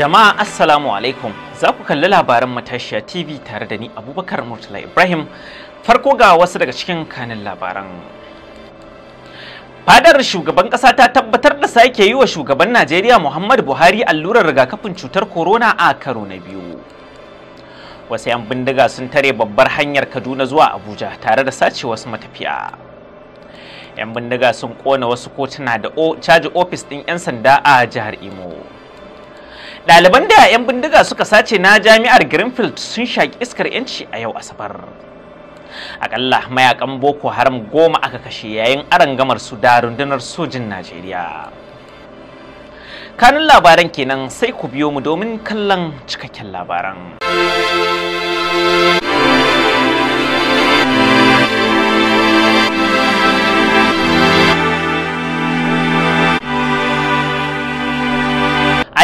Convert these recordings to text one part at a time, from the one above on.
Jama'a Assalamu alaikum za ku kalli labaran matashiya TV tare da ni Abubakar Murtala Ibrahim farko ga wasu daga cikin kanin labaran. Fadar shugaban ƙasa ta tabbatar da sake yi wa shugaban Najeriya Muhammadu Buhari allurar rigakafin cutar korona a karo na biyu. Wasu 'yan bindiga sun tare babbar hanyar Kaduna zuwa Abuja tare da sace wasu matafiya. 'Yan bindiga sun kona wasu kotuna da caji ofis ɗin 'yan sanda a jihar Imo. ɗaliban da 'yan bindiga suka sace na jami'ar greenfield sun shaƙi iskar 'yanci a yau asabar akalla mayakan boko haram goma aka kashe yayin gamar su da rundunar sojin najeriya kanun labaran kenan sai ku biyo mu domin kallon cikakken labaran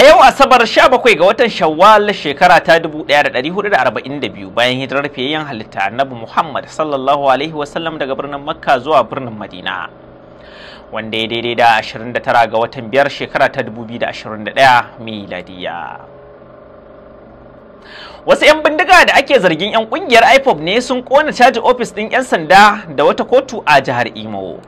yau Asabar 17 ga watan Shawwal shekara ta 1442 bayan hijirar fiyayyen halitta Annabi Muhammad sallallahu alaihi wasallam daga birnin Makka zuwa birnin Madina. Wanda ya daidai da 29 ga watan biyar shekara ta 2021 miladiya. Wasu 'yan bindiga da ake zargin 'yan kungiyar IPOB ne sun kona caji ofis ɗin 'yan sanda da wata kotu a jihar Imo.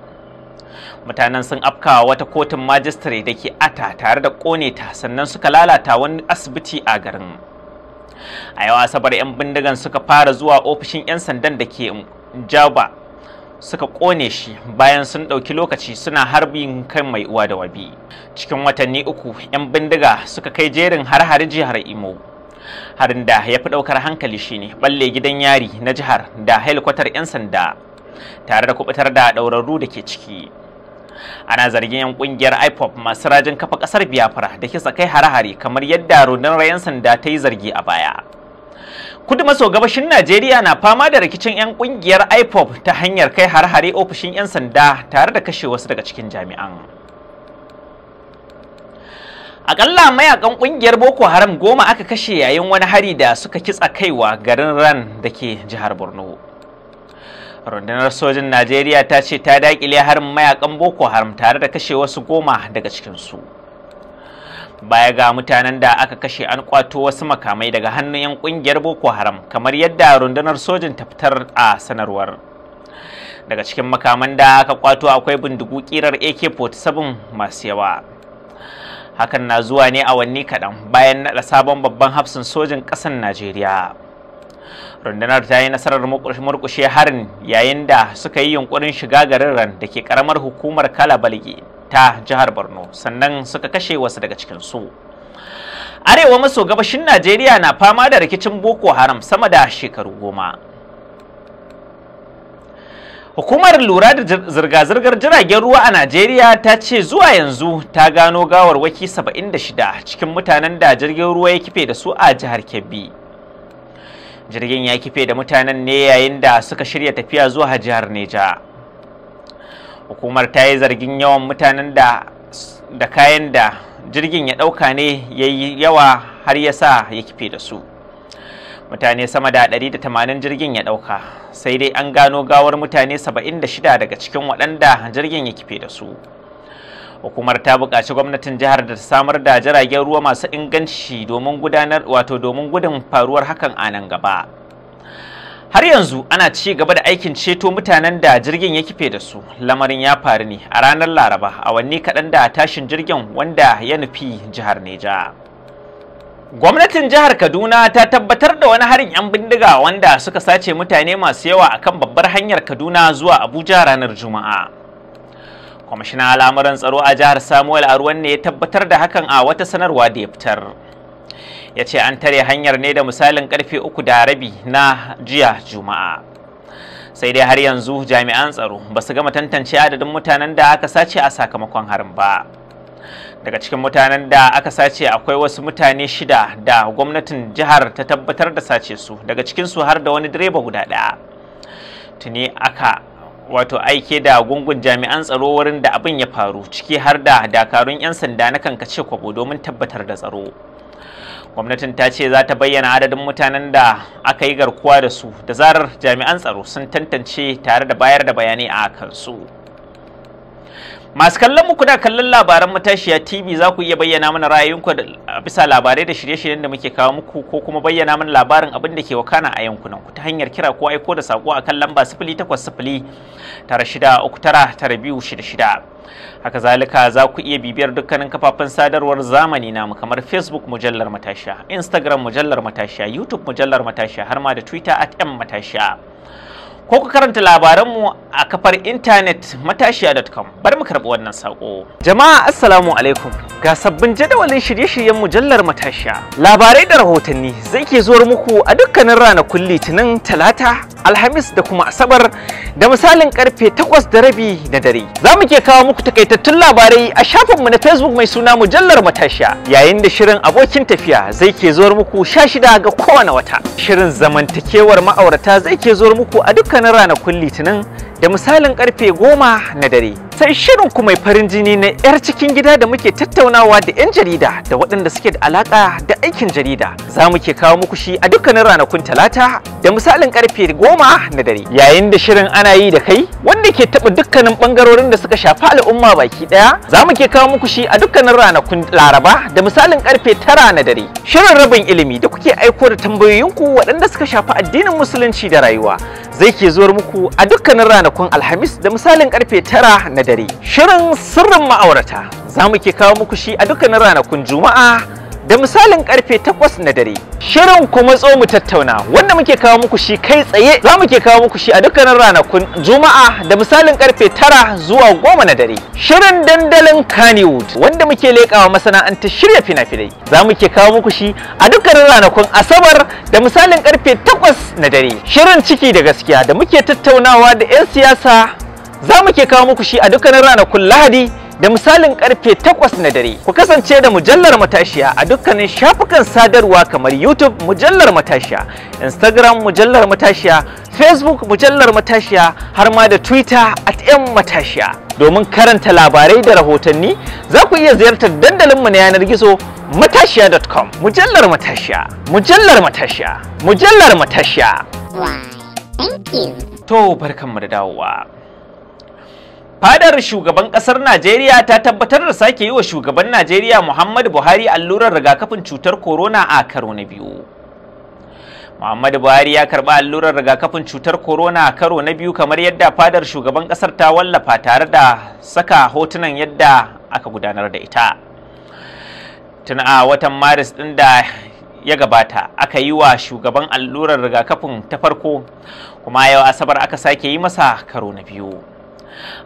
mutanen sun afka wata kotun majistare da ke ata tare da kone ta sannan suka lalata wani asibiti a garin a yau asabar 'yan bindigan suka fara zuwa ofishin 'yan sandan da ke jaba suka kone shi bayan sun ɗauki lokaci suna harbin kan mai uwa da wabi cikin watanni uku 'yan bindiga suka kai jerin har-har jihar imo harin da ya fi ɗaukar hankali shine balle gidan yari na jihar da helikwatar 'yan sanda tare da kubutar da ɗaurarru da ke ciki ana zargin 'yan kungiyar ipop masu rajin kafa kasar biafra da kisa kai hare-hare kamar yadda rundunar 'yan sanda ta yi zargi a baya kudu maso gabashin najeriya na fama da rikicin 'yan kungiyar ipop ta hanyar kai hare-hare ofishin 'yan sanda tare da kashe wasu daga cikin jami'an akalla mayakan kungiyar boko haram goma aka kashe yayin wani hari da suka kitsa kaiwa garin ran da ke jihar borno rundunar sojin najeriya ta ce ta dakile harin mayakan boko haram tare da kashe wasu goma daga cikinsu baya ga mutanen da aka kashe an kwato wasu makamai daga hannun 'yan kungiyar boko haram kamar yadda rundunar sojin ta fitar a sanarwar daga cikin makaman da aka kwato akwai bindigu kirar ak-47 masu yawa hakan na zuwa ne awanni kaɗan bayan naɗa sabon babban hafsin sojin ƙasar najeriya rundunar ta yi nasarar murkushe harin yayin da suka yi yunkurin shiga garin ran da ke karamar hukumar kalabalgi ta jihar borno sannan suka kashe wasu daga cikin su arewa maso gabashin najeriya na fama da rikicin boko haram sama da shekaru goma Hukumar lura da zirga-zirgar jiragen ruwa a Najeriya ta ce zuwa yanzu ta gano gawar gawarwaki 76 cikin mutanen da jirgin ruwa ya kife da su a jihar Kebbi. jirgin ya kife da mutanen ne yayin da suka shirya tafiya zuwa jihar neja hukumar ta yi zargin yawan mutanen da kayan da jirgin ya ɗauka ne ya yi yawa har ya sa ya kife da su mutane sama da 180 jirgin ya ɗauka sai dai an gano gawar mutane 76 daga cikin waɗanda jirgin ya kife da su hukumar ta buƙaci gwamnatin jihar da ta samar da jiragen ruwa masu inganci domin gudanar wato domin gudun faruwar hakan a nan gaba har yanzu ana ci gaba da aikin ceto mutanen da jirgin ya kife da su lamarin ya faru ne a ranar laraba a awanni kaɗan da tashin jirgin wanda ya nufi jihar neja gwamnatin jihar kaduna ta tabbatar da wani harin 'yan bindiga wanda suka sace mutane masu yawa akan babbar hanyar kaduna zuwa abuja ranar juma'a kwamishinan al'amuran tsaro a jihar samuel aruwan ne ya tabbatar da hakan a wata sanarwa da ya fitar ya ce an tare hanyar ne da misalin karfe uku da rabi na jiya juma'a sai dai har yanzu jami'an tsaro ba su gama tantance adadin mutanen da aka sace a sakamakon harin ba daga cikin mutanen da aka sace akwai wasu mutane shida da gwamnatin jihar ta tabbatar da sace su daga cikin su har da wani direba guda ɗaya tuni aka wato aike da gungun jami'an tsaro wurin da abin ya faru ciki har da dakarun 'yan sanda na kankace kwabo domin tabbatar da tsaro gwamnatin ta ce za ta bayyana adadin mutanen da aka yi garkuwa da su da zarar jami'an tsaro sun tantance tare da bayar da bayanai a kansu. masu kallon mu kuna kallon labaran matashiya tv za ku iya bayyana mana ra'ayinku a bisa labarai da shirye-shiryen da muke kawo muku ko kuma bayyana mana labarin abin da ke wakana a yankunan ku ta hanyar kira ko aiko da sako akan lamba 0809 haka zalika za ku iya bibiyar dukkanin kafafen sadarwar zamani namu kamar facebook mujallar matashiya instagram mujallar matashiya youtube mujallar matashiya har ma da twitter at m matashiya ko ku karanta labaranmu a kafar intanet matashiya.com bari mu karɓi wannan saƙo. Jama'a Assalamu alaikum ga sabbin jadawalin shirye-shiryen mujallar matashiya. Labarai da rahotanni zai ke zuwar muku a dukkanin ranakun litinin talata alhamis da kuma asabar da misalin karfe takwas da rabi na dare za mu ke kawo muku takaitattun labarai a shafinmu na facebook mai suna mujallar matashiya yayin da shirin abokin tafiya zai ke zuwar muku sha shida ga kowane wata shirin zamantakewar ma'aurata zai ke zuwar muku a dukkanin ranakun litinin da misalin karfe goma na dare sai shirin mai farin jini na 'yar cikin gida da muke tattaunawa da 'yan jarida da waɗanda suke da alaƙa da aikin jarida za mu ke kawo muku shi a dukkanin ranakun talata da misalin karfe goma na dare yayin da shirin ana yi da kai wanda ke taɓa dukkanin ɓangarorin da suka shafi al'umma baki ɗaya za mu ke kawo muku shi a dukkanin ranakun laraba da misalin karfe tara na dare shirin rabin ilimi da kuke aiko da tambayoyinku waɗanda suka shafi addinin musulunci da rayuwa zai ke zuwar muku a dukkanin ranakun alhamis da misalin karfe tara na dare shirin sirrin ma'aurata za mu ke kawo muku shi a dukkanin ranakun juma'a da misalin karfe 8 na dare shirin kuma tso mu tattauna wanda muke kawo muku shi kai tsaye za mu ke kawo muku shi a dukkanin ranakun juma'a da misalin karfe 9 zuwa 10 na dare shirin dandalin Kannywood wanda muke leƙawa masana'antar shirya fina-finai za mu ke kawo muku shi a dukkanin ranakun asabar da misalin karfe 8 na dare shirin ciki da gaskiya da muke tattaunawa da 'yan siyasa za mu ke kawo muku shi a dukkanin ranakun lahadi da misalin karfe 8 na dare ku kasance da mujallar matashiya a dukkanin shafukan sadarwa kamar youtube mujallar matashiya instagram mujallar matashiya facebook mujallar matashiya har ma da twitter at yan matashiya domin karanta labarai da rahotanni za ku iya ziyartar dandalinmu na yanar gizo matashiya.com mujallar matashiya mujallar matashiya mujallar matashiya to barkanmu da dawowa fadar shugaban kasar najeriya ta tabbatar da sake yi wa shugaban najeriya muhammadu buhari allurar rigakafin cutar korona a karo na biyu muhammadu buhari ya karba allurar rigakafin cutar korona a karo na biyu kamar yadda fadar shugaban kasar ta wallafa tare da saka hotunan yadda aka gudanar da ita tun a watan maris ɗin da ya gabata aka yi wa shugaban allurar rigakafin ta farko kuma yau asabar aka sake yi masa karo na biyu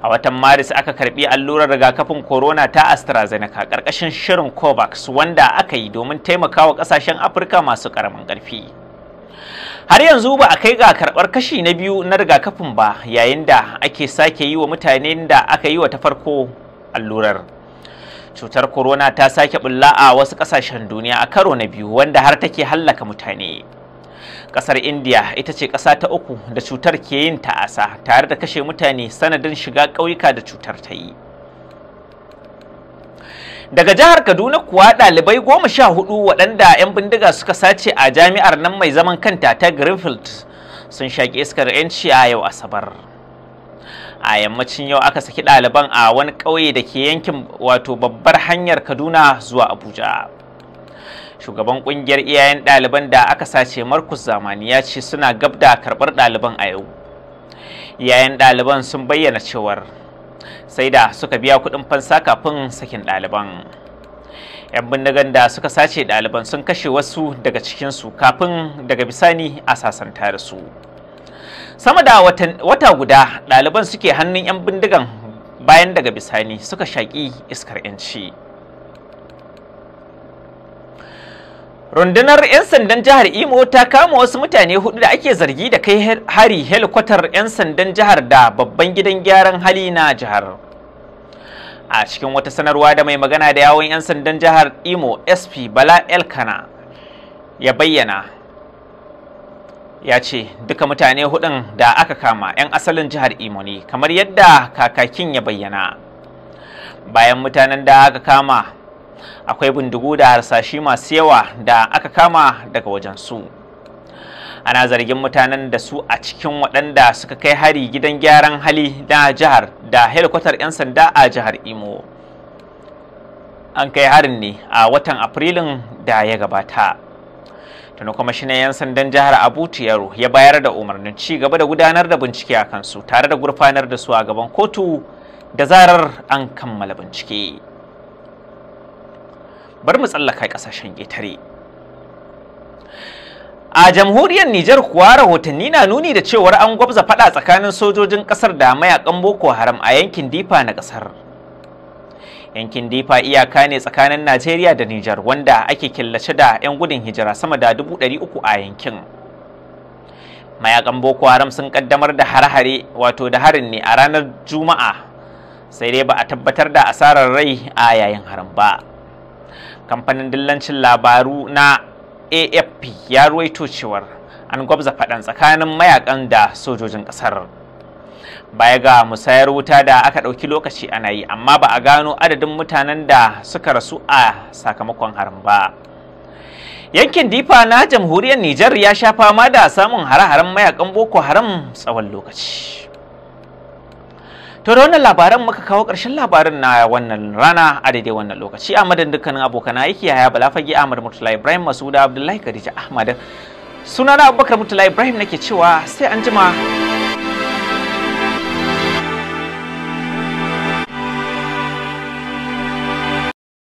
a watan maris aka karbi allurar rigakafin corona ta astrazeneca karkashin shirin covax wanda aka yi domin taimakawa kasashen afirka masu karamin karfi har yanzu ba a kai ga karɓar kashi na biyu na rigakafin ba yayin da ake sake yi wa mutanen da aka yi wa ta farko allurar cutar corona ta sake bulla a wasu ƙasashen duniya a karo na biyu wanda har take hallaka mutane kasar india ita ce kasa ta uku da cutar ke yin ta'asa tare da kashe mutane sanadin shiga ƙauyuka da cutar ta yi daga jihar kaduna kuwa ɗalibai goma sha hudu waɗanda 'yan bindiga suka sace a jami'ar nan mai zaman kanta ta greenfield sun shaƙi iskar 'yanci a yau asabar a yammacin yau aka saki ɗaliban a wani ƙauye da ke yankin wato babbar hanyar kaduna zuwa abuja shugaban kungiyar iyayen ɗaliban da aka sace markus zamani ya ce suna gab da karɓar ɗaliban a yau iyayen ɗaliban sun bayyana cewar sai da suka biya kuɗin fansa kafin sakin ɗaliban 'yan bindigan da suka sace ɗaliban sun kashe wasu daga cikinsu kafin daga bisani a sasanta da su sama da wata guda ɗaliban suke hannun 'yan bindigan bayan daga bisani suka shaƙi iskar 'yanci. rundunar 'yan sandan jihar imo ta kama wasu mutane hudu da ake zargi da kai hari helikwatar 'yan sandan jihar da babban gidan gyaran hali na jihar a cikin wata sanarwa da mai magana da yawon 'yan sandan jihar imo sp bala elkana ya bayyana ya ce duka mutane hudun da aka kama 'yan asalin jihar imo ne kamar yadda kakakin ya bayyana bayan mutanen da aka kama akwai bindigu da harsashi masu yawa da aka kama daga wajen su ana zargin mutanen da su a cikin waɗanda suka kai hari gidan gyaran hali na jihar da helikwatar 'yan sanda a jihar imo an kai harin ne a watan afrilun da ya gabata tuni ne 'yan sandan jihar abutu yaro ya bayar da umarnin ci gaba da gudanar da bincike a kansu tare da gurfanar da su a gaban kotu da zarar an kammala bincike. bar mu tsallaka kasashen ƙetare a jamhuriyar Nijar kuwa rahotanni na nuni da cewar an gwabza fada tsakanin sojojin kasar da mayakan Boko Haram a yankin Difa na kasar. Yankin Difa iyaka ne tsakanin Najeriya da Nijar wanda ake killace da 'yan gudun hijira sama da dubu ɗari uku a yankin. Mayakan Boko Haram sun kaddamar da harhare wato da harin ne a ranar Juma'a sai dai ba a tabbatar da asarar rai a yayin haram ba. kamfanin dillancin labaru na afp ya ruwaito cewar an gwabza faɗan tsakanin mayakan da sojojin ƙasar baya ga musayar wuta da aka ɗauki lokaci ana yi amma ba a gano adadin mutanen da suka rasu a sakamakon harin ba yankin difa na jamhuriyar nijar ya sha fama da samun hare-haren mayakan boko haram tsawon lokaci to da wannan labaran muka kawo ƙarshen labarin na wannan rana a daidai wannan lokaci a madadin dukkanin abokan aiki haya balafage ahmad murtala ibrahim masuda abdullahi khadija ahmad sunana abubakar murtala ibrahim nake cewa sai an jima